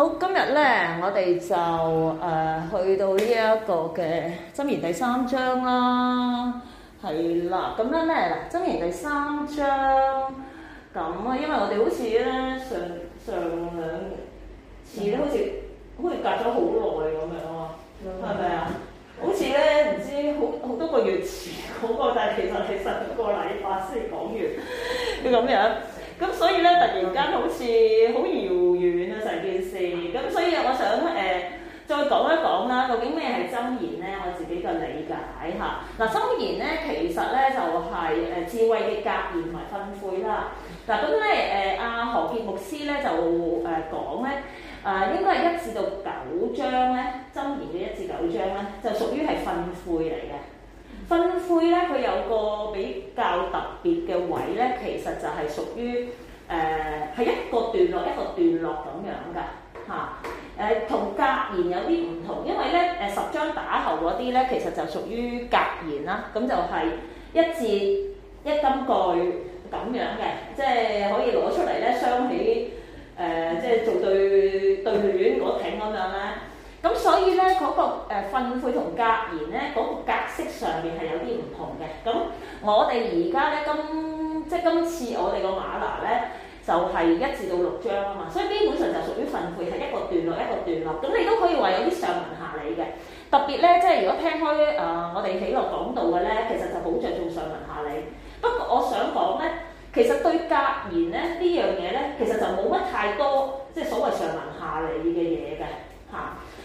好，今日咧，我哋就誒、呃、去到呢一個嘅《箴言》第三章啦，係啦，咁咧咩咧，《箴言》第三章，咁啊，因為我哋好似咧上上兩次咧，好似好似隔咗好耐咁樣啊，係咪啊？好似咧唔知好好多個月前嗰、那個，但係其實係十個禮拜先講完嘅咁 樣。咁所以咧，突然間好似好遙遠啊！成件事。咁所以我想誒、呃、再講一講啦，究竟咩係箴言咧？我自己嘅理解嚇。嗱、啊，箴言咧其實咧就係、是、誒、呃、智慧嘅格言同埋分悔啦。嗱咁咧誒阿何傑牧師咧就誒講咧，啊、呃呃、應該係一至到九章咧，箴言嘅一至九章咧就屬於係分悔嚟嘅。分灰咧，佢有個比較特別嘅位咧，其實就係屬於誒係一個段落一個段落咁樣噶嚇。誒、啊、同、呃、格言有啲唔同，因為咧誒、呃、十章打後嗰啲咧，其實就屬於格言啦。咁、啊、就係一字一金句咁樣嘅，即係可以攞出嚟咧，相起，誒、呃、即係做對對聯嗰頂咁樣咧。咁所以咧，嗰、那個誒訓誨同格言咧，嗰、那個格式上面係有啲唔同嘅。咁我哋而家咧今即係今次我哋個嗎哪咧，就係、是、一至到六章啊嘛。所以基本上就屬於訓誨係一個段落一個段落。咁你都可以話有啲上文下理嘅。特別咧，即係如果聽開誒、呃、我哋喜樂講道嘅咧，其實就好着重上文下理。不過我想講咧，其實對格言咧呢樣嘢咧，其實就冇乜太多即係、就是、所謂上文下理嘅嘢嘅。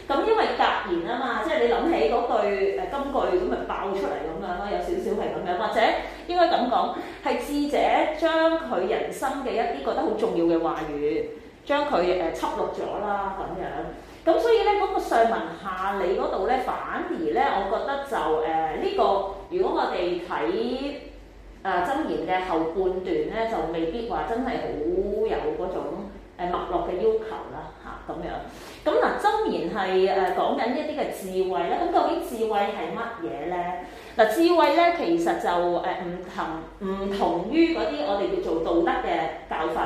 咁因為突然啊嘛，即係你諗起嗰句、呃、金句咁咪爆出嚟咁樣咯，有少少係咁樣，或者應該咁講係智者將佢人生嘅一啲覺得好重要嘅話語，將佢誒輯錄咗啦咁樣。咁所以咧嗰、那個上文下理嗰度咧，反而咧我覺得就誒呢、呃這個，如果我哋睇誒《箴、呃、言》嘅後半段咧，就未必話真係好有嗰種誒、呃、脈絡嘅要求啦。咁樣，咁嗱，箴言係誒講緊一啲嘅智慧啦。咁究竟智慧係乜嘢咧？嗱，智慧咧其實就誒唔同唔同於嗰啲我哋叫做道德嘅教訓。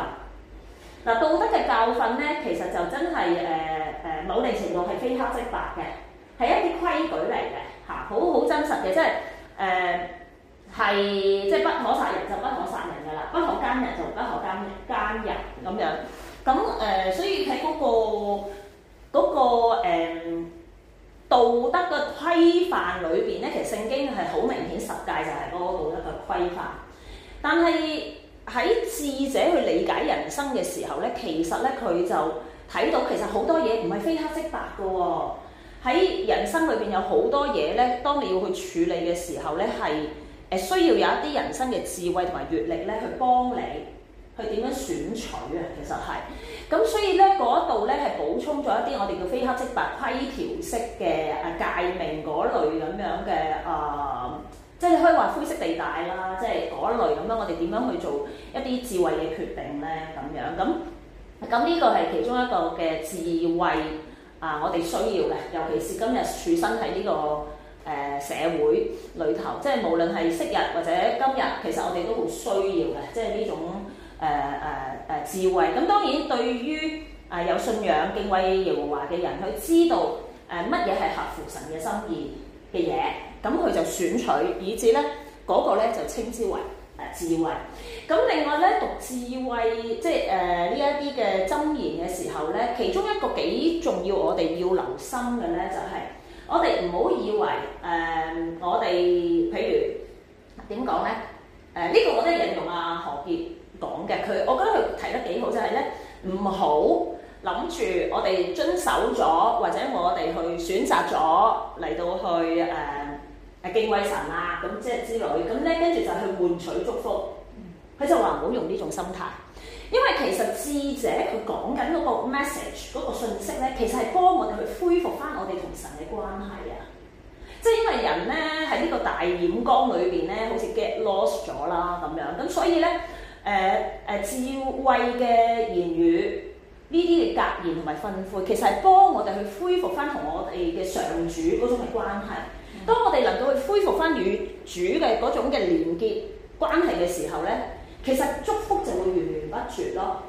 嗱，道德嘅教訓咧，其實就真係誒誒某定程度係非黑即白嘅，係一啲規矩嚟嘅嚇，好、啊、好真實嘅，即係誒係即係不可殺人就不可殺人㗎啦，不可奸人就不可奸人，奸人咁樣。咁誒，所以喺嗰個嗰個誒道德嘅規範裏邊咧，其實聖經係好明顯十戒就係嗰個道德嘅規範。但係喺智者去理解人生嘅時候咧，其實咧佢就睇到其實好多嘢唔係非黑即白噶喎。喺人生裏邊有好多嘢咧，當你要去處理嘅時候咧，係誒需要有一啲人生嘅智慧同埋閲歷咧去幫你。佢點樣選取啊？其實係咁，所以咧嗰度咧係補充咗一啲我哋叫非黑即白、規條式嘅啊界名嗰類咁樣嘅啊，即係、呃就是、可以話灰色地帶啦，即係嗰類咁樣，我哋點樣去做一啲智慧嘅決定咧？咁樣咁咁呢個係其中一個嘅智慧啊，我哋需要嘅，尤其是今日處身喺呢個誒、呃、社會裏頭，即、就、係、是、無論係昔日或者今日，其實我哋都好需要嘅，即係呢種。誒誒誒智慧，咁當然對於誒、呃、有信仰敬畏耶和華嘅人，佢知道誒乜嘢係合乎神嘅心意嘅嘢，咁佢就選取，以至咧嗰個咧就稱之為誒、呃、智慧。咁另外咧讀智慧，即係誒呢一啲嘅箴言嘅時候咧，其中一個幾重要我哋要留心嘅咧，就係、是、我哋唔好以為誒、呃、我哋譬如點講咧？誒呢、呃這個我都係引用阿、啊、何傑。講嘅佢，我覺得佢提得幾好，就係咧唔好諗住我哋遵守咗，或者我哋去選擇咗嚟到去誒、呃、敬畏神啦、啊，咁即係之類咁咧，跟住就去換取祝福。佢就話唔好用呢種心態，因為其實智者佢講緊嗰個 message 嗰個訊息咧，其實係幫我哋去恢復返我哋同神嘅關係啊。即係因為人咧喺呢個大染缸裏邊咧，好似 get lost 咗啦咁樣，咁所以咧。誒誒、呃呃、智慧嘅言語，呢啲嘅格言同埋吩咐，其實係幫我哋去恢復翻同我哋嘅上主嗰種嘅關係。嗯、當我哋能夠去恢復翻與主嘅嗰種嘅連結關係嘅時候咧，其實祝福就會源源不絕咯。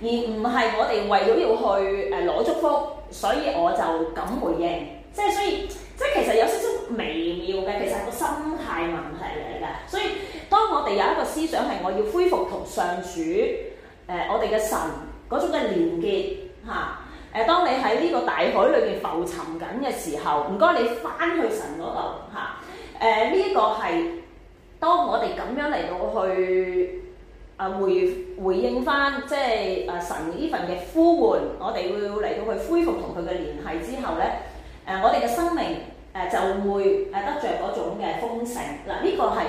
而唔係我哋為咗要去誒攞、呃、祝福，所以我就咁回應，即係所以。即係其實有少少微妙嘅，其實係個心態問題嚟嘅。所以當我哋有一個思想係我要恢復同上主，誒、呃、我哋嘅神嗰種嘅連結嚇，誒、啊呃、當你喺呢個大海裏邊浮沉緊嘅時候，唔該你翻去神嗰度嚇，誒呢一個係當我哋咁樣嚟到去啊回回應翻即係誒、呃、神呢份嘅呼喚，我哋會嚟到去恢復同佢嘅聯繫之後咧。誒，我哋嘅生命誒就會誒得著嗰種嘅豐盛，嗱，呢個係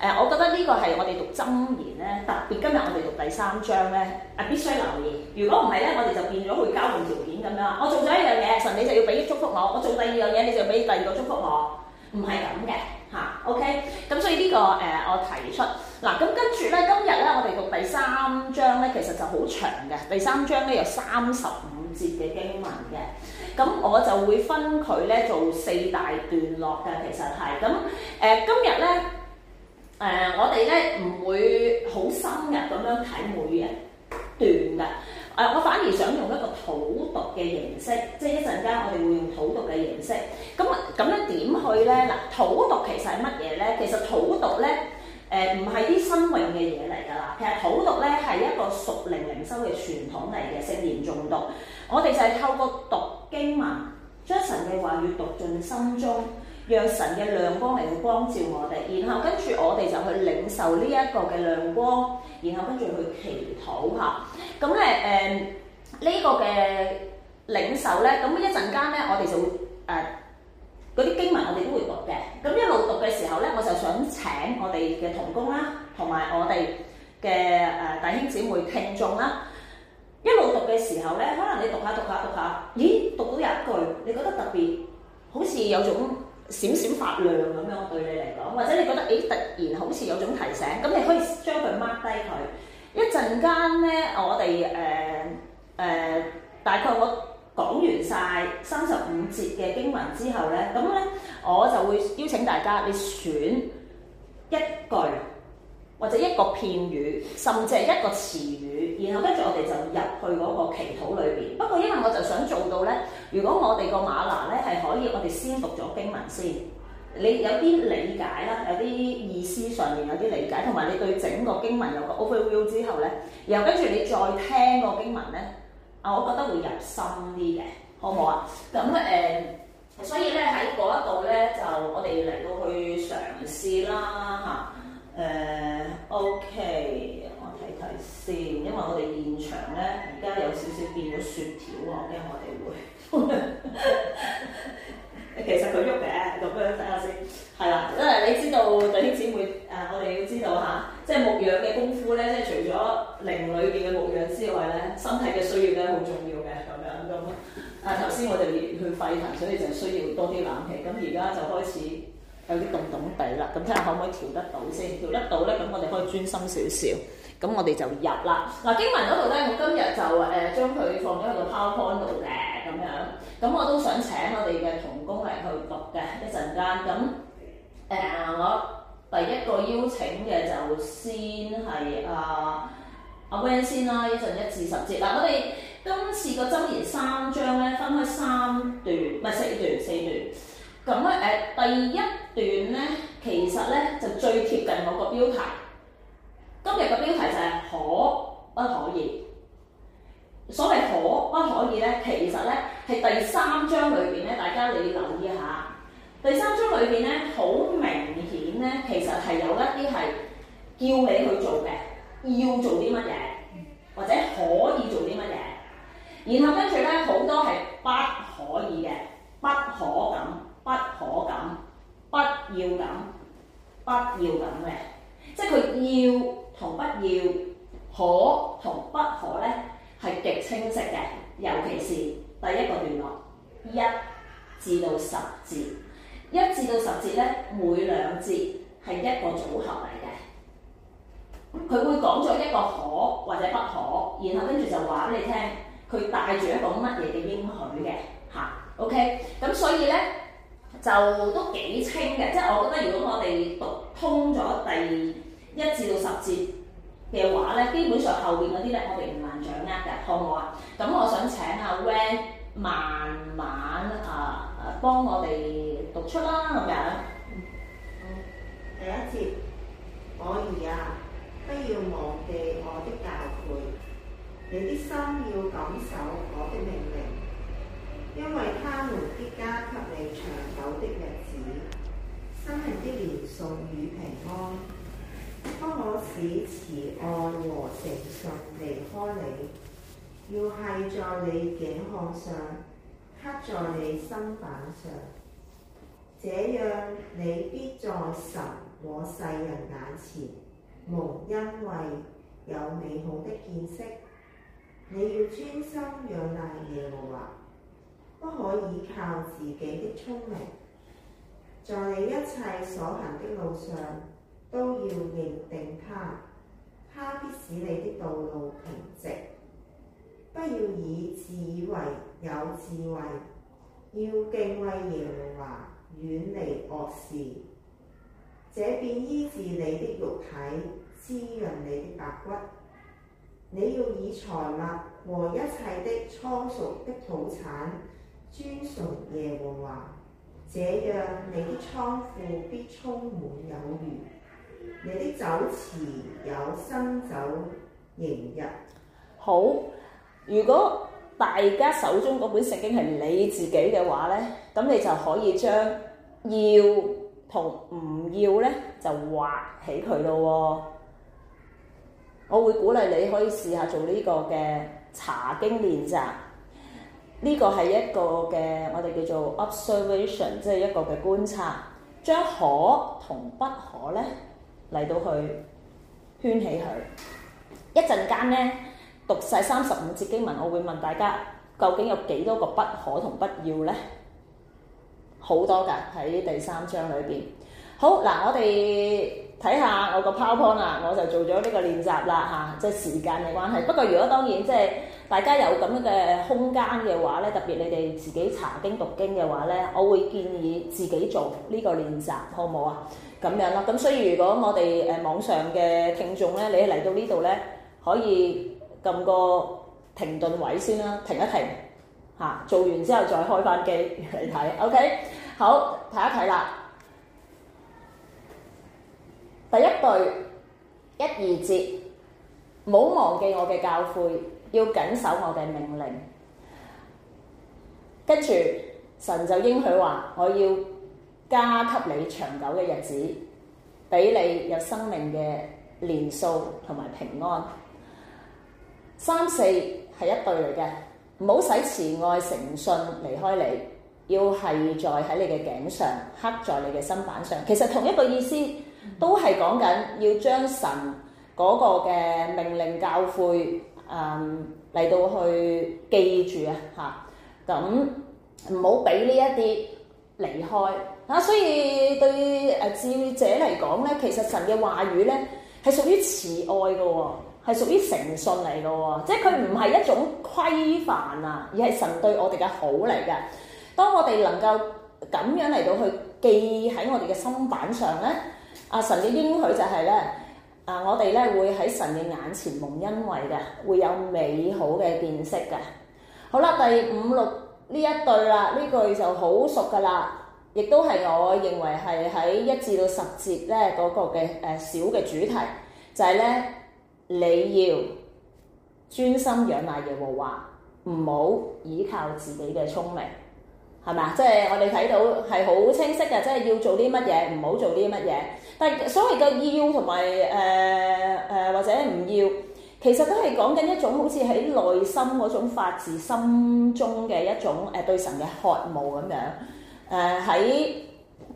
誒，我覺得呢個係我哋讀箴言咧，特別今日我哋讀第三章咧，啊必須留意，如果唔係咧，我哋就變咗去交換條件咁樣，我做咗一樣嘢，神你就要俾祝福我，我做第二樣嘢，你就俾第二個祝福我，唔係咁嘅嚇，OK，咁所以呢個誒我提出嗱，咁跟住咧，今日咧我哋讀第三章咧，其實就好長嘅，第三章咧有三十五節嘅經文嘅，咁我就會分佢咧做四大段落嘅，其實係咁誒。今日咧誒，我哋咧唔會好深入咁樣睇每一段噶，誒、呃，我反而想用一個誦讀嘅形式，即係一陣間我哋會用誦讀嘅形式。咁咁樣點去咧？嗱，誦讀其實係乜嘢咧？其實誦讀咧誒，唔係啲新穎嘅嘢嚟㗎啦。其實誦讀咧係一個屬靈靈修嘅傳統嚟嘅，聖言誦讀。我哋就係透過讀經文，將神嘅話語讀進心中，讓神嘅亮光嚟去光照我哋，然後跟住我哋就去領受呢一個嘅亮光，然後跟住去祈禱嚇。咁咧誒呢個嘅領受咧，咁一陣間咧，我哋就會誒嗰啲經文我哋都會讀嘅。咁一路讀嘅時候咧，我就想請我哋嘅同工啦，同埋我哋嘅誒弟兄姊妹聽眾啦。一路讀嘅時候呢，可能你讀下讀下讀下，咦？讀到有一句，你覺得特別，好似有種閃閃發亮咁樣對你嚟講，或者你覺得誒突然好似有種提醒，咁你可以將佢 mark 低佢。一陣間呢，我哋誒誒大概我講完晒三十五節嘅經文之後呢，咁呢，我就會邀請大家你選一句。或者一個片語，甚至係一個詞語，然後跟住我哋就入去嗰個祈禱裏邊。不過因為我就想做到咧，如果我哋個嗎哪咧係可以，我哋先讀咗經文先。你有啲理解啦，有啲意思上面有啲理解，同埋你對整個經文有個 overview 之後咧，然後跟住你再聽個經文咧，啊，我覺得會入心啲嘅，好唔好啊？咁誒、嗯，uh, 所以咧喺嗰一度咧，就我哋嚟到去嘗試啦，嚇、嗯。誒、uh，OK，我睇睇先，因為我哋現場咧，而家有少少變咗雪條喎，咁我哋會， 其實佢喐嘅，咁樣睇下先，係啦，因為你知道弟兄姐妹誒、呃，我哋要知道嚇、啊，即係牧養嘅功夫咧，即係除咗靈裏邊嘅牧養之外咧，身體嘅需要咧好重要嘅，咁樣咁，啊頭先我哋去沸騰，所以就需要多啲冷氣，咁而家就開始。有啲凍凍地啦，咁睇下可唔可以調得到先？調得到咧，咁我哋可以專心少少，咁我哋就入啦。嗱，經文嗰度咧，我今日就誒將佢放咗喺個 PowerPoint 度嘅咁樣，咁我都想請我哋嘅同工嚟去讀嘅一陣間。咁誒，我第一個邀請嘅就先係阿阿 Van 先啦，一陣一至十節。嗱，我哋今次嘅箴言三章咧，分開三段，唔係四段，四段。咁咧，誒第一段咧，其實咧就最貼近我個標題。今日個標題就係可不可以？所謂可不可以咧，其實咧係第三章裏邊咧，大家你留意下。第三章裏邊咧，好明顯咧，其實係有一啲係叫你去做嘅，要做啲乜嘢，或者可以做啲乜嘢。然後跟住咧，好多係不可以嘅，不可咁。不可咁，不要咁，不要咁嘅，即係佢要同不要，可同不可咧，係極清晰嘅。尤其是第一個段落一至到十節，一至到十節咧，每兩節係一個組合嚟嘅。佢會講咗一個可或者不可，然後跟住就話畀你聽，佢帶住一個乜嘢嘅應許嘅。吓，OK，咁所以咧。就都幾清嘅，即係我覺得如果我哋讀通咗第一至到十節嘅話咧，基本上後邊嗰啲咧我哋唔難掌握嘅，好唔好啊？咁我想請阿 Van 慢慢啊幫我哋讀出啦，咁樣。好，第一節，我兒啊，不要忘記我的教誨，你啲心要感受我的命令。因為他們必加給你長久的日子，生命的年數與平安。不可使慈愛和誠信離開你，要繫在你頸項上，刻在你心版上，這樣你必在神和世人眼前蒙恩寵，有美好的見識。你要專心仰賴耶和華。不可以靠自己的聰明，在你一切所行的路上都要認定他，他必使你的道路平直。不要以自以為有智慧，要敬畏耶和華，遠離惡事，這便醫治你的肉體，滋潤你的白骨。你要以財物和一切的初熟的土產。尊崇耶和華，這樣你啲倉庫必充滿有餘，你啲酒池有新酒盈溢。好，如果大家手中嗰本聖經係你自己嘅話咧，咁你就可以將要同唔要咧就劃起佢咯。我會鼓勵你可以試下做呢個嘅查經練習。呢個係一個嘅我哋叫做 observation，即係一個嘅觀察，將可同不可咧嚟到去圈起佢。一陣間咧讀晒三十五節經文，我會問大家究竟有幾多個不可同不要咧？好多㗎，喺第三章裏邊。好嗱，我哋睇下我個 PowerPoint 啦，我就做咗呢個練習啦嚇，即係時間嘅關係。不過如果當然即係大家有咁樣嘅空間嘅話咧，特別你哋自己查經讀經嘅話咧，我會建議自己做呢個練習，好唔好啊？咁樣咯。咁所以如果我哋誒網上嘅聽眾咧，你嚟到呢度咧，可以撳個停頓位先啦，啊，停一停嚇，啊，做完之後再開翻機嚟睇。OK，好，睇一睇啦。第一對一二節，唔好忘記我嘅教誨，要謹守我嘅命令。跟住神就應許話：我要加給你長久嘅日子，俾你有生命嘅年數同埋平安。三四係一對嚟嘅，唔好使慈愛、誠信離開你，要係在喺你嘅頸上，刻在你嘅身板上。其實同一個意思。都係講緊要將神嗰個嘅命令教誨嗯嚟到去記住啊，嚇咁，唔好俾呢一啲離開啊。所以對誒智者嚟講咧，其實神嘅話語咧係屬於慈愛嘅喎，係屬於誠信嚟嘅喎，即係佢唔係一種規範啊，而係神對我哋嘅好嚟嘅。當我哋能夠咁樣嚟到去記喺我哋嘅心板上咧。阿、啊、神嘅應許就係咧，啊，我哋咧會喺神嘅眼前蒙恩惠嘅，會有美好嘅見識嘅。好啦，第五六呢一對啦，呢句就好熟噶啦，亦都係我認為係喺一至到十節咧嗰個嘅誒、呃、小嘅主題，就係、是、咧你要專心仰賴耶和華，唔好依靠自己嘅聰明，係咪啊？即、就、係、是、我哋睇到係好清晰嘅，即、就、係、是、要做啲乜嘢，唔好做啲乜嘢。所謂嘅要同埋誒誒或者唔要，其實都係講緊一種好似喺內心嗰種發自心中嘅一種誒、呃、對神嘅渴慕咁樣。誒、呃、喺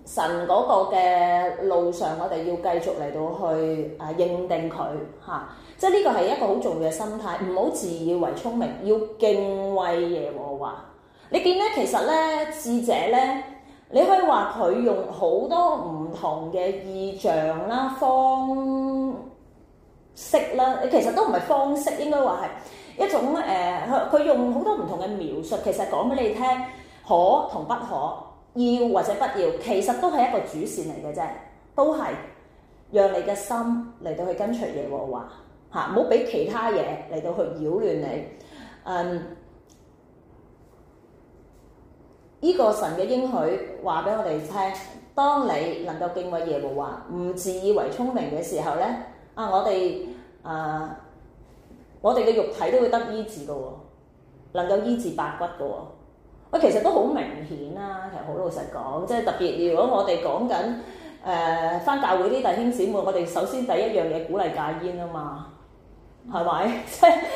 神嗰個嘅路上，我哋要繼續嚟到去啊、呃、認定佢嚇，即係呢個係一個好重要嘅心態，唔好自以為聰明，要敬畏耶和華。你見咧，其實咧智者咧。你可以話佢用好多唔同嘅意象啦、方式啦，其實都唔係方式，應該話係一種誒，佢、呃、用好多唔同嘅描述，其實講俾你聽，可同不可，要或者不要，其實都係一個主線嚟嘅啫，都係讓你嘅心嚟到去跟隨耶和華，嚇，唔好俾其他嘢嚟到去擾亂你，嗯。呢個神嘅應許話俾我哋聽，當你能夠敬畏耶和華，啊，唔自以為聰明嘅時候呢，啊，我哋啊、呃，我哋嘅肉體都會得醫治嘅喎，能夠醫治白骨嘅喎，喂，其實都好明顯啦，啊，其實好老實講，即係特別如果我哋講緊誒返教會啲弟兄姊妹，我哋首先第一樣嘢鼓勵戒煙啊嘛，係咪？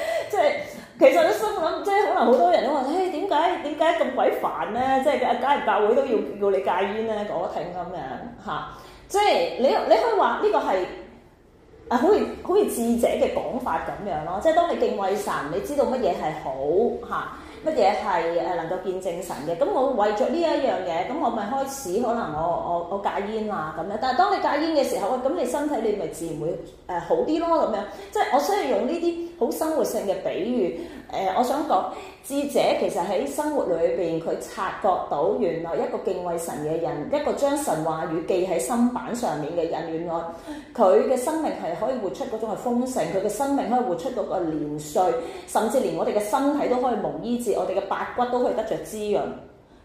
即係，其實都心諗，即係可能好多人都話，誒點解點解咁鬼煩咧？即係，假如百會都要要你戒煙咧，講得停咁樣嚇。即係你你可以話呢個係啊，好似好似智者嘅講法咁樣咯。即係當你敬畏神，你知道乜嘢係好嚇。啊乜嘢係誒能夠見證神嘅？咁我為咗呢一樣嘢，咁我咪開始可能我我我戒煙啦咁樣。但係當你戒煙嘅時候，喂、哎、咁你身體你咪自然會誒、呃、好啲咯咁樣。即係我需要用呢啲好生活性嘅比喻。誒、呃，我想講智者其實喺生活裏邊，佢察覺到原來一個敬畏神嘅人，一個將神話語記喺心板上面嘅人，原來佢嘅生命係可以活出嗰種係豐盛，佢嘅生命可以活出嗰個年歲，甚至連我哋嘅身體都可以蒙醫治，我哋嘅百骨都可以得着滋潤。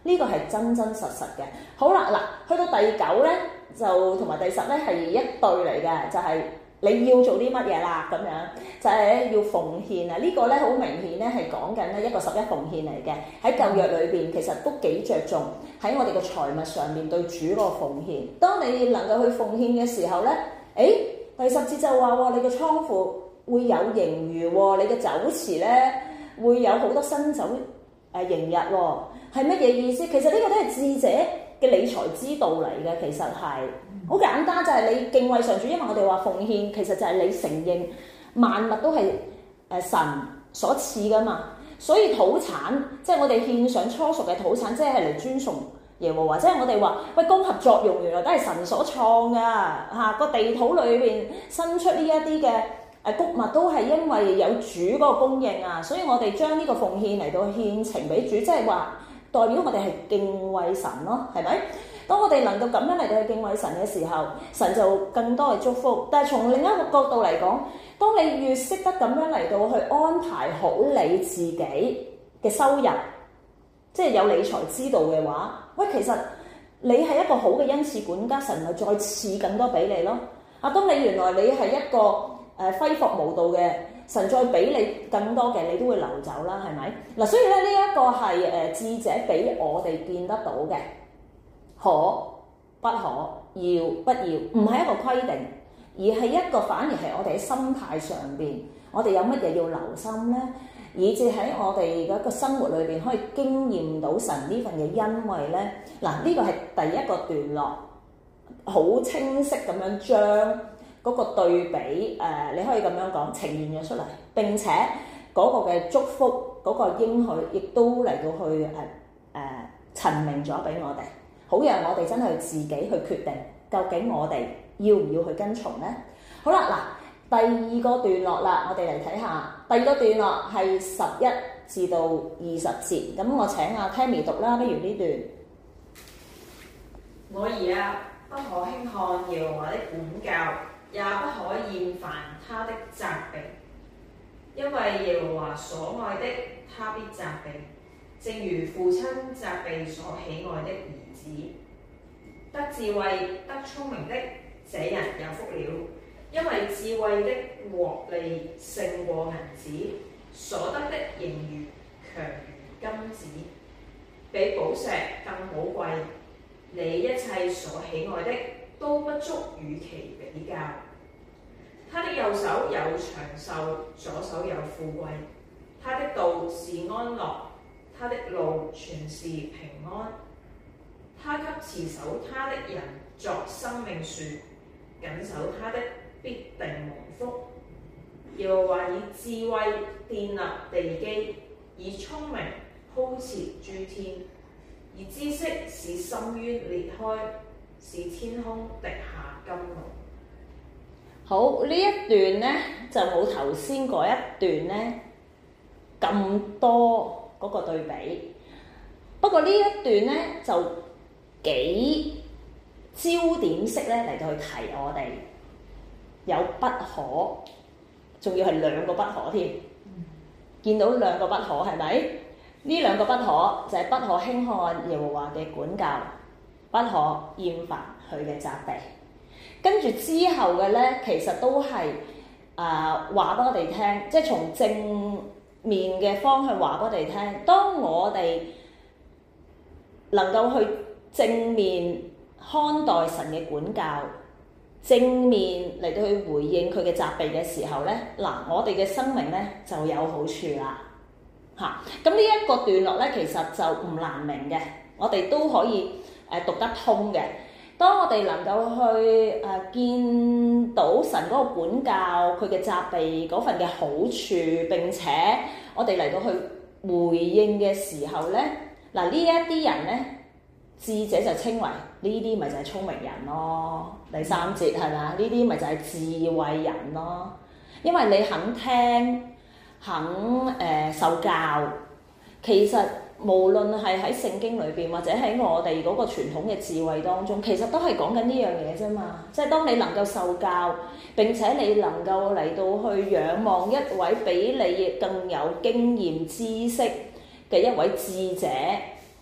呢、這個係真真實實嘅。好啦，嗱，去到第九呢，就同埋第十呢，係一對嚟嘅，就係、是。你要做啲乜嘢啦？咁樣就係、是、要奉獻啊！呢、呢個呢，好明顯呢，係講緊咧一個十一奉獻嚟嘅。喺舊約裏邊其實都幾着重喺我哋嘅財物上面對主嗰個奉獻。當你能夠去奉獻嘅時候呢，誒、哎、第十節就話喎，你嘅倉庫會有盈餘喎，你嘅酒池呢，會有好多新酒誒盈溢喎。係乜嘢意思？其實呢個都係智者嘅理財之道嚟嘅，其實係。好簡單，就係、是、你敬畏上主，因為我哋話奉獻，其實就係你承認萬物都係誒神所賜噶嘛。所以土產，即係我哋獻上初熟嘅土產，即係嚟尊崇耶和華。即係我哋話喂光合作用，原來都係神所創噶嚇。個、啊、地土裏邊伸出呢一啲嘅誒穀物，都係因為有主嗰個供應啊。所以我哋將呢個奉獻嚟到獻呈俾主，即係話代表我哋係敬畏神咯，係咪？當我哋能夠咁樣嚟到去敬畏神嘅時候，神就更多嘅祝福。但係從另一個角度嚟講，當你越識得咁樣嚟到去安排好你自己嘅收入，即係有理財之道嘅話，喂，其實你係一個好嘅恩賜管家，神咪再賜更多俾你咯。啊，當你原來你係一個誒揮霍無度嘅，神再俾你更多嘅，你都會流走啦，係咪？嗱，所以咧呢一個係誒智者俾我哋見得到嘅。可不可、要不要，唔係一個規定，而係一個反而係我哋喺心態上邊，我哋有乜嘢要留心咧？以致喺我哋嘅一個生活裏邊可以經驗到神呢份嘅恩惠咧。嗱，呢個係第一個段落，好清晰咁樣將嗰個對比，誒你可以咁樣講呈現咗出嚟。並且嗰個嘅祝福，嗰、嗰個應許，亦都嚟到去誒誒陳明咗俾我哋。好讓我哋真係自己去決定，究竟我哋要唔要去跟從呢？好啦，嗱，第二個段落啦，我哋嚟睇下第二個段落係十一至到二十節，咁我請阿 Tammy 讀啦，不如呢段。我兒啊，不可輕看耶和華的管教，也不可厭煩他的責備，因為耶和華所愛的，他必責備。正如父親責備所喜愛的兒子，得智慧、得聰明的這人有福了，因為智慧的獲利勝過銀子，所得的盈餘強如金子，比寶石更寶貴。你一切所喜愛的都不足與其比較。他的右手有長壽，左手有富貴，他的道是安樂。他的路全是平安，他給持守他的人作生命樹，緊守他的必定蒙福。又話以智慧建立地基，以聰明鋪設諸天，而知識使深淵裂開，使天空滴下甘露。好，呢一段呢，就冇頭先嗰一段呢，咁多，嗰個對比，不過呢一段咧就幾焦點式咧，嚟到去提我哋有不可，仲要係兩個不可添，見到兩個不可係咪？呢兩個不可就係、是、不可輕看耶和華嘅管教，不可厭煩佢嘅責備。跟住之後嘅咧，其實都係啊話俾我哋聽，即係從正面嘅方向話俾我哋聽。當我哋能夠去正面看待神嘅管教，正面嚟到去回應佢嘅責備嘅時候呢，嗱，我哋嘅生命呢就有好處啦。嚇、啊，咁呢一個段落呢，其實就唔難明嘅，我哋都可以誒讀得通嘅。當我哋能夠去誒見到神嗰個管教，佢嘅責備嗰份嘅好處，並且我哋嚟到去回應嘅時候咧，嗱，呢一啲人咧，智者就稱為呢啲咪就係聰明人咯。第三節係咪啊？呢啲咪就係智慧人咯。因為你肯聽，肯誒受教，其實。無論係喺聖經裏邊，或者喺我哋嗰個傳統嘅智慧當中，其實都係講緊呢樣嘢啫嘛。即係當你能夠受教，並且你能夠嚟到去仰望一位比你更有經驗知識嘅一位智者，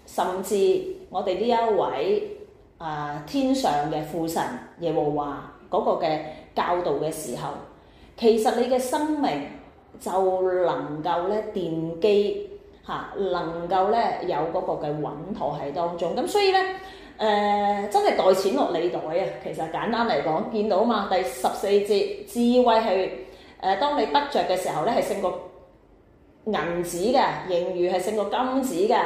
甚至我哋呢一位啊天上嘅父神耶和華嗰個嘅教導嘅時候，其實你嘅生命就能夠咧奠基。嚇，能夠咧有嗰個嘅穩妥喺當中，咁所以咧，誒、呃、真係袋錢落你袋啊！其實簡單嚟講，見到嘛，第十四節智慧係誒、呃，當你得着嘅時候咧，係勝過銀子嘅，盈餘係勝過金子嘅。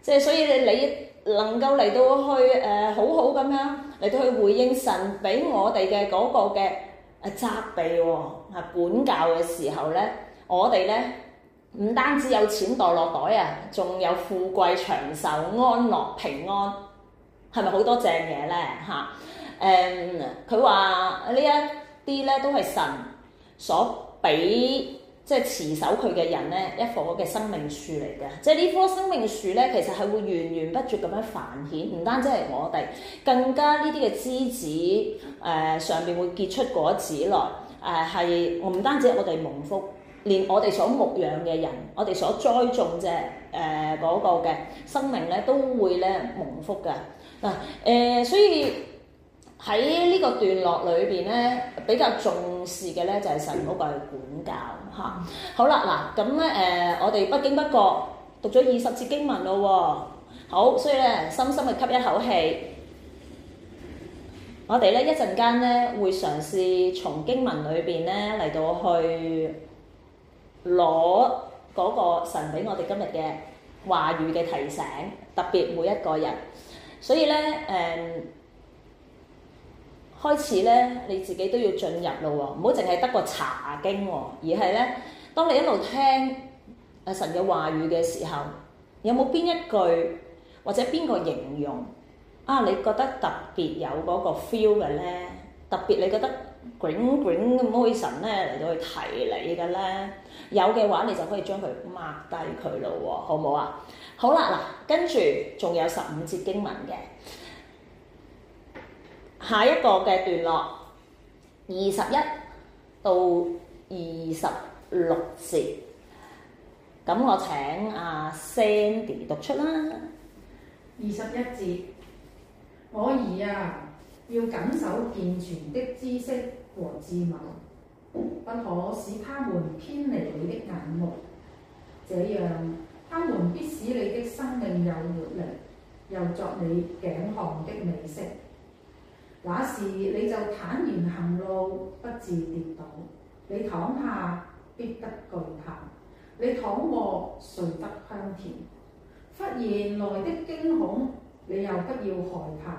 即係所以你能夠嚟到去誒、呃、好好咁樣嚟到去回應神俾我哋嘅嗰個嘅誒責備喎、啊，管教嘅時候咧，我哋咧。唔單止有錢袋落袋啊，仲有富貴長壽安樂平安，係咪好多正嘢咧？嚇、啊，誒、嗯，佢話呢一啲咧都係神所俾，即、就、係、是、持守佢嘅人咧一顆嘅生命樹嚟嘅，即係呢棵生命樹咧其實係會源源不絕咁樣繁衍，唔單止係我哋，更加呢啲嘅枝子誒、呃、上邊會結出果子來，誒、呃、係我唔單止係我哋蒙福。連我哋所牧養嘅人，我哋所栽種只誒嗰個嘅生命咧，都會咧蒙福嘅嗱誒。所以喺呢個段落裏邊咧，比較重視嘅咧就係、是、神嗰個,個去管教嚇、啊。好啦嗱，咁咧誒，我哋不經不覺讀咗二十節經文咯喎、哦。好，所以咧深深嘅吸一口氣，我哋咧一陣間咧會嘗試從經文裏邊咧嚟到去。攞嗰個神俾我哋今日嘅話語嘅提醒，特別每一個人。所以咧，誒、嗯、開始咧，你自己都要進入咯喎，唔好淨係得個查經喎、哦，而係咧，當你一路聽阿、啊、神嘅話語嘅時候，有冇邊一句或者邊個形容啊？你覺得特別有嗰個 feel 嘅咧？特別你覺得？滾滾咁威神咧嚟到去提你嘅咧，有嘅話你就可以將佢抹低佢咯喎，好唔好啊？好啦嗱，跟住仲有十五節經文嘅，下一個嘅段落二十一到二十六節，咁我請阿 Sandy 讀出啦。二十一節，可以啊。要謹守健全的知識和智謀，不可使他們偏離你的眼目。這樣，他們必使你的生命有活力，又作你頸項的美色。那時你就坦然行路，不至跌倒；你躺下必不懼怕；你躺卧睡得香甜。忽然來的驚恐，你又不要害怕。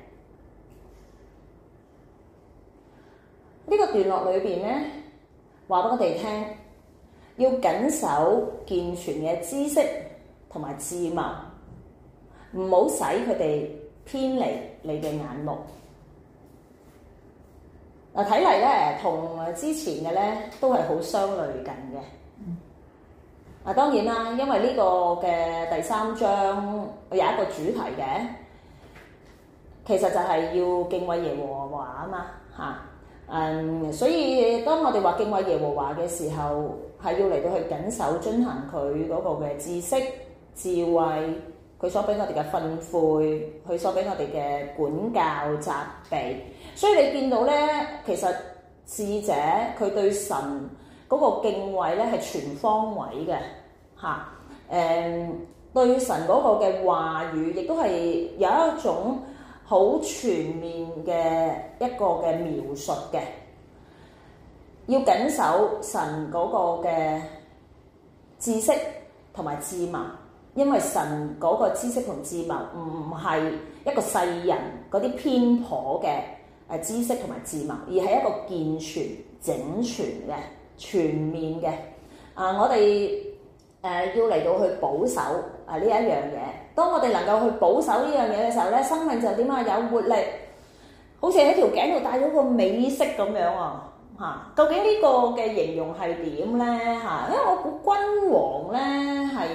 呢個段落裏邊咧，話俾我哋聽，要謹守健全嘅知識同埋智謀，唔好使佢哋偏離你嘅眼目嗱。睇嚟咧，同之前嘅咧都係好相類近嘅。嗱，當然啦，因為呢個嘅第三章有一個主題嘅，其實就係要敬畏耶和華啊嘛，嚇、啊。嗯，um, 所以當我哋話敬畏耶和華嘅時候，係要嚟到去謹守遵行佢嗰個嘅知識、智慧，佢所俾我哋嘅訓誨，佢所俾我哋嘅管教責備。所以你見到咧，其實智者佢對神嗰個敬畏咧係全方位嘅，嚇，誒、um, 對神嗰個嘅話語，亦都係有一種，好全面嘅一個嘅描述嘅，要謹守神嗰個嘅知識同埋智謀，因為神嗰個知識同智謀唔係一個世人嗰啲偏頗嘅誒知識同埋智謀，而係一個健全整全嘅全面嘅啊！我哋。誒、呃、要嚟到去保守啊呢一樣嘢，當我哋能夠去保守呢樣嘢嘅時候咧，生命就點啊，有活力，好似喺條頸度戴咗個美色咁樣喎嚇、啊。究竟呢個嘅形容係點咧嚇？因為我估君王咧係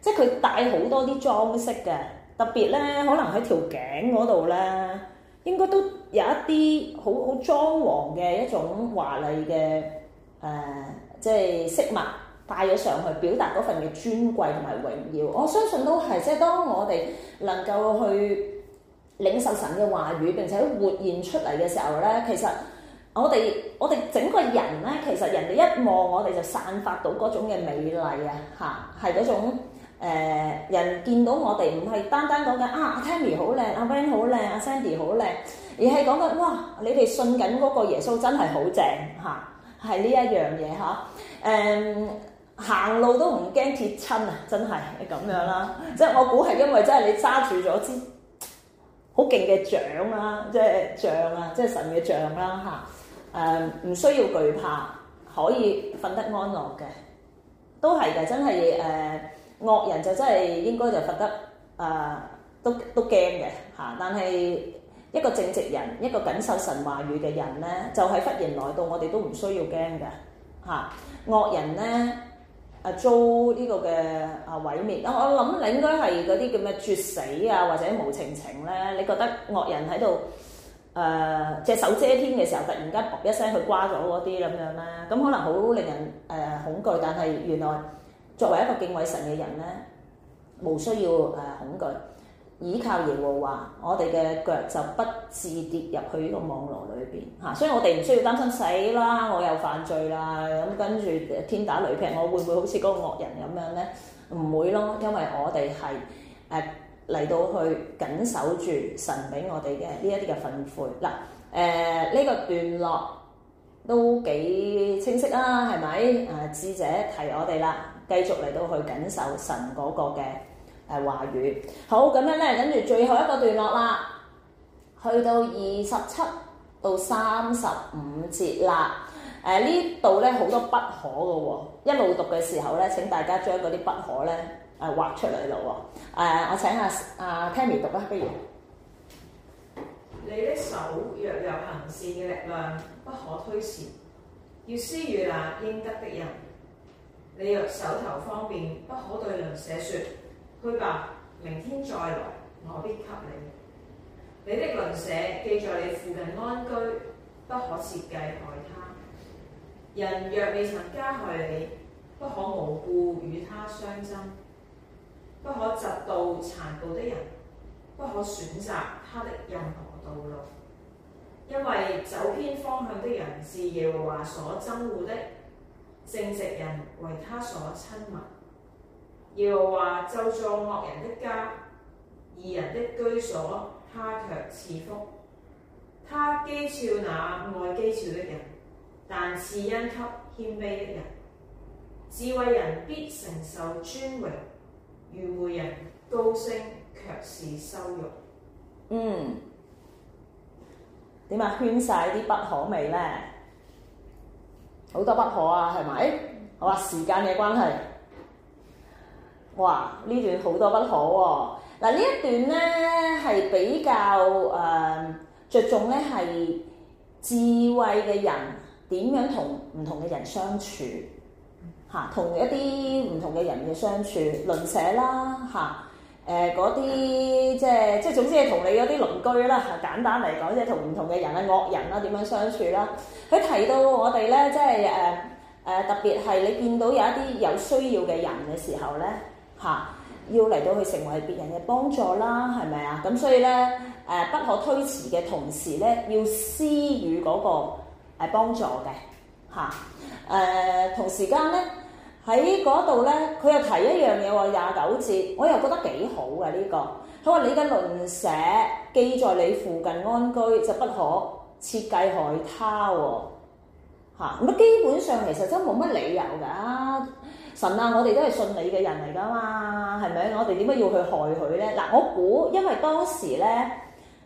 即係佢戴好多啲裝飾嘅，特別咧可能喺條頸嗰度咧應該都有一啲好好裝潢嘅一種華麗嘅誒，即係飾物。帶咗上去表達嗰份嘅尊貴同埋榮耀，我相信都係即係當我哋能夠去領受神嘅話語，並且活現出嚟嘅時候咧，其實我哋我哋整個人咧，其實人哋一望我哋就散發到嗰種嘅美麗啊，吓，係嗰種誒人見到我哋唔係單單講緊啊 Tammy 好靚，阿 Van 好靚，阿 Sandy 好靚，而係講緊哇你哋信緊嗰個耶穌真係好正吓，係呢一樣嘢嚇誒。啊 um, 行路都唔驚跌親啊！真係咁、就是、樣啦，即係我估係因為真係你揸住咗支好勁嘅杖啦，即係杖啦，即係神嘅杖啦吓，誒、啊，唔需要懼怕，可以瞓得安樂嘅都係嘅。真係誒惡人就真係應該就瞓得誒、呃、都都驚嘅嚇。但係一個正直人，一個緊守神話語嘅人咧，就係、是、忽然來到，我哋都唔需要驚嘅嚇。惡、啊、人咧～啊遭呢個嘅啊毀滅，啊、我我諗你應該係嗰啲叫咩絕死啊，或者無情情咧？你覺得惡人喺度誒隻手遮天嘅時候，突然間噗一聲佢瓜咗嗰啲咁樣咧，咁可能好令人誒、呃、恐懼，但係原來作為一個敬畏神嘅人咧，無需要誒、呃、恐懼。倚靠耶和華，我哋嘅腳就不至跌入去呢個網絡裏邊嚇。所以我哋唔需要擔心死啦，我又犯罪啦，咁、啊、跟住天打雷劈，我會唔會好似嗰個惡人咁樣呢？唔會咯，因為我哋係誒嚟到去謹守住神俾我哋嘅呢一啲嘅憤悔嗱誒呢個段落都幾清晰啦、啊，係咪？誒、啊、智者提我哋啦，繼續嚟到去謹守神嗰個嘅。誒、啊、話語好咁樣咧，跟住最後一個段落啦，去到二十七到三十五節啦。誒、啊、呢度咧好多不可嘅喎、哦，一路讀嘅時候咧，請大家將嗰啲不可咧誒畫出嚟咯喎。我請阿阿、啊、Tammy 讀啦，不如你啲手若有行善嘅力量，不可推辭，要施與那應得的人。你若手頭方便，不可對鄰舍説。去吧，明天再來，我必給你。你的鄰舍既在你附近安居，不可設計害他。人若未曾加害你，不可無故與他相爭。不可嫉妒殘暴的人，不可選擇他的任何道路，因為走偏方向的人是耶和華所憎惡的，正直人為他所親密。又話就做惡人的家，義人的居所，他卻賜福；他譏笑那愛譏笑的人，但賜恩給謙卑的人。智慧人必承受尊榮，愚昧人高聲卻是羞辱。嗯，點啊？圈晒啲不可未咧，好多不可啊，係咪？好啊，時間嘅關係。哇！呢段好多不可喎、哦。嗱，呢一段咧係比較誒、呃、着重咧，係智慧嘅人點樣同唔同嘅人相處嚇，啊、一同一啲唔同嘅人嘅相處鄰舍啦嚇，誒嗰啲即係即係總之係同你嗰啲鄰居啦，啊、簡單嚟講，即係同唔同嘅人啊、惡人啦點樣相處啦。佢提到我哋咧，即係誒誒，特別係你見到有一啲有需要嘅人嘅時候咧。嚇、啊，要嚟到去成為別人嘅幫助啦，係咪啊？咁所以咧，誒、呃、不可推辭嘅同時咧，要施予嗰個誒幫助嘅嚇。誒、啊呃、同時間咧喺嗰度咧，佢又提一樣嘢喎，廿九節，我又覺得幾好啊！呢、這個佢話：你嘅鄰舍既在你附近安居，就不可設計害他喎、哦。嚇、咁基本上其實真冇乜理由㗎、啊。神啊，我哋都係信你嘅人嚟㗎嘛，係咪？我哋點解要去害佢咧？嗱、啊，我估因為當時咧，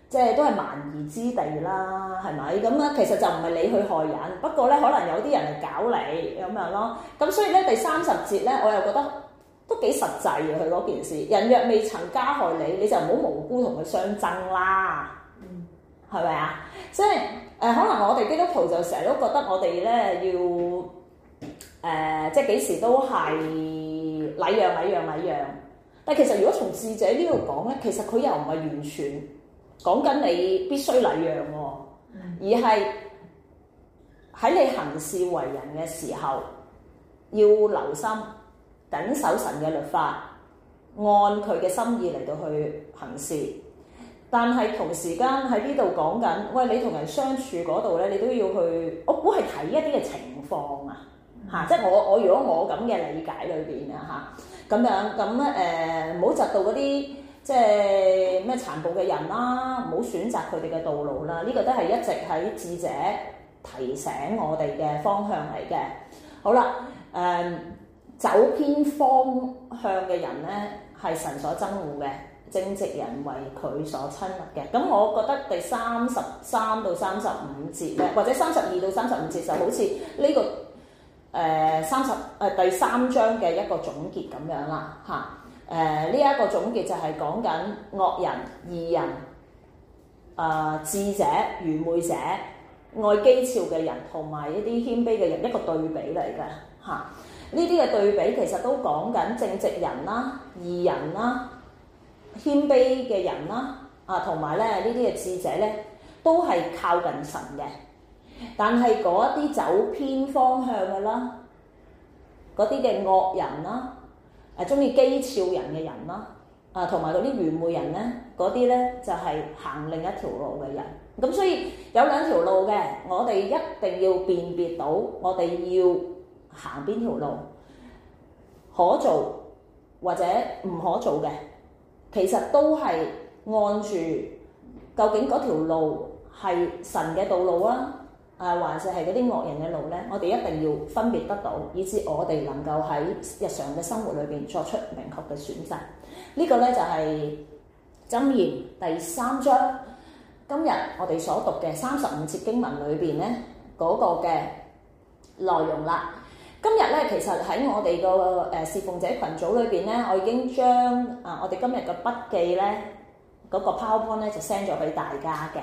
即係都係蠻夷之地啦，係咪？咁、嗯、啊，其實就唔係你去害人，不過咧，可能有啲人嚟搞你咁樣咯。咁所以咧，第三十節咧，我又覺得都幾實際嘅佢嗰件事。人若未曾加害你，你就唔好無辜同佢相爭啦。嗯，係咪啊？即係。誒、呃、可能我哋基督徒就成日都覺得我哋咧要誒、呃，即係幾時都係禮讓、禮讓、禮讓。但其實如果從智者呢度講咧，其實佢又唔係完全講緊你必須禮讓喎，而係喺你行事為人嘅時候要留心、謹守神嘅律法、按佢嘅心意嚟到去行事。但係同時間喺呢度講緊，喂你同人相處嗰度咧，你都要去，我估係睇一啲嘅情況啊，嚇、嗯！啊、即係我我如果我咁嘅理解裏邊啊嚇，咁樣咁咧誒，唔好窒到嗰啲即係咩殘暴嘅人啦、啊，唔好選擇佢哋嘅道路啦、啊，呢、這個都係一直喺智者提醒我哋嘅方向嚟嘅。好啦，誒、呃、走偏方向嘅人咧，係神所憎惡嘅。正直人為佢所親密嘅，咁我覺得第三十三到三十五節咧，或者三十二到三十五節就好似呢、這個誒三十誒第三章嘅一個總結咁樣啦，嚇誒呢一個總結就係講緊惡人、義人、誒、呃、智者、愚昧者、愛譏誚嘅人同埋一啲謙卑嘅人一個對比嚟嘅，嚇呢啲嘅對比其實都講緊正直人啦、義人啦。呃謙卑嘅人啦，啊，同埋咧呢啲嘅智者咧，都係靠近神嘅。但係嗰啲走偏方向嘅啦，嗰啲嘅惡人啦，啊，中意譏笑人嘅人啦，啊，同埋嗰啲愚昧人咧，嗰啲咧就係、是、行另一條路嘅人。咁所以有兩條路嘅，我哋一定要辨別到，我哋要行邊條路，可做或者唔可做嘅。其實都係按住究竟嗰條路係神嘅道路啊，誒，還是係嗰啲惡人嘅路呢？我哋一定要分別得到，以至我哋能夠喺日常嘅生活裏邊作出明確嘅選擇。呢、這個呢，就係箴言第三章今日我哋所讀嘅三十五節經文裏邊呢嗰、那個嘅內容啦。今日咧，其實喺我哋個誒侍奉者羣組裏邊咧，我已經將啊我哋今日嘅筆記咧嗰個 PowerPoint 咧就 send 咗俾大家嘅。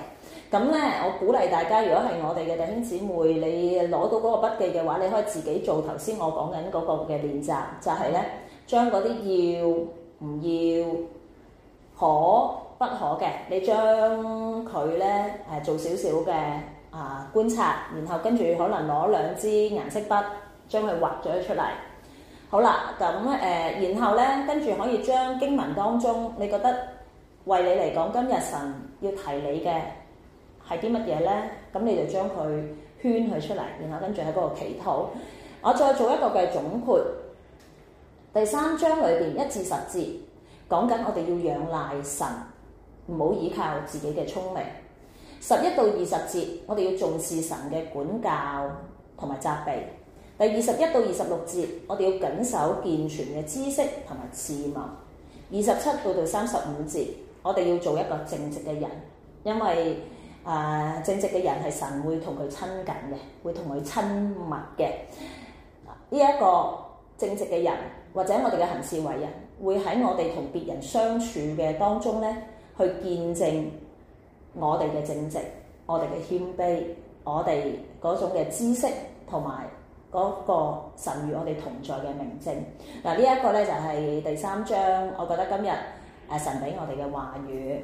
咁咧，我鼓勵大家，如果係我哋嘅弟兄姊妹，你攞到嗰個筆記嘅話，你可以自己做頭先我講緊嗰個嘅練習，就係咧將嗰啲要唔要可不可嘅，你將佢咧誒做少少嘅啊觀察，然後跟住可能攞兩支顏色筆。將佢畫咗出嚟，好啦，咁誒、呃，然後咧，跟住可以將經文當中，你覺得為你嚟講，今日神要提你嘅係啲乜嘢咧？咁你就將佢圈佢出嚟，然後跟住喺嗰個祈禱。我再做一個嘅總括，第三章裏邊一至十節講緊，我哋要仰賴神，唔好倚靠自己嘅聰明。十一到二十節，我哋要重視神嘅管教同埋責備。第二十一到二十六節，我哋要謹守健全嘅知識同埋智謀。二十七到到三十五節，我哋要做一個正直嘅人，因為啊、呃、正直嘅人係神會同佢親近嘅，會同佢親密嘅。呢、這、一個正直嘅人或者我哋嘅行事為人，會喺我哋同別人相處嘅當中咧，去見證我哋嘅正直、我哋嘅謙卑、我哋嗰種嘅知識同埋。嗰個神與我哋同在嘅明證，嗱呢一個咧就係第三章，我覺得今日誒神俾我哋嘅話語。